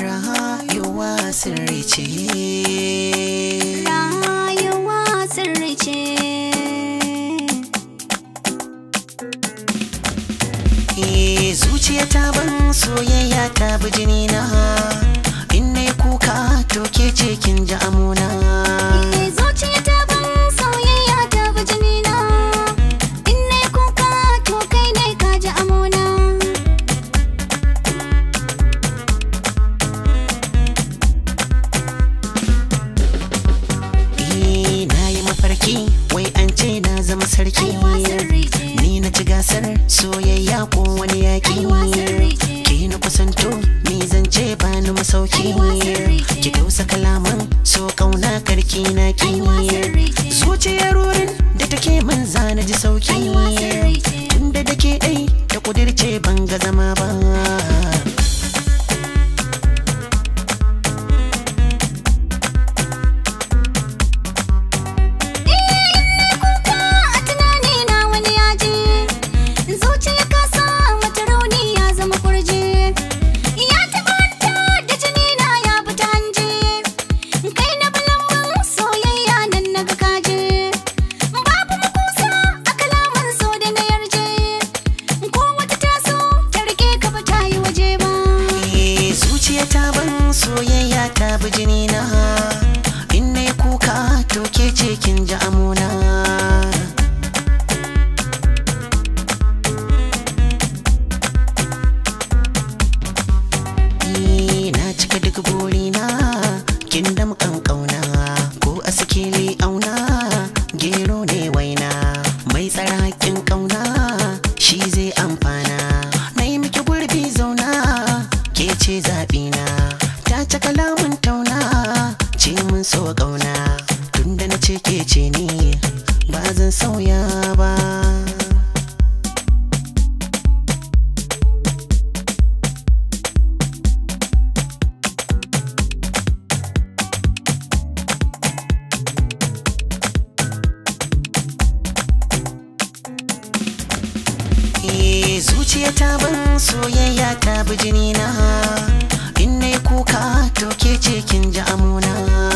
Rayuwa sirri ce. Rayuwa sirri ce. Eh, zuciya ta ban soyayya ta bi jini na, in na kuka to ke ce kin ji amona. sarki ni na ci gasar soyayya ko wani yaki ke na kusanto ni zance ba ni masauki ki dausa kalaman so kauna karki na ki zuciya rurin da take man na ji sauki tunda da ke dai da kudirce ban ga zama ba bi jini na in nayi kuka to ke ce sauya ba eh, zuciyata ban soyayya ta bi jini na in kuka to ke ce kin ji amuna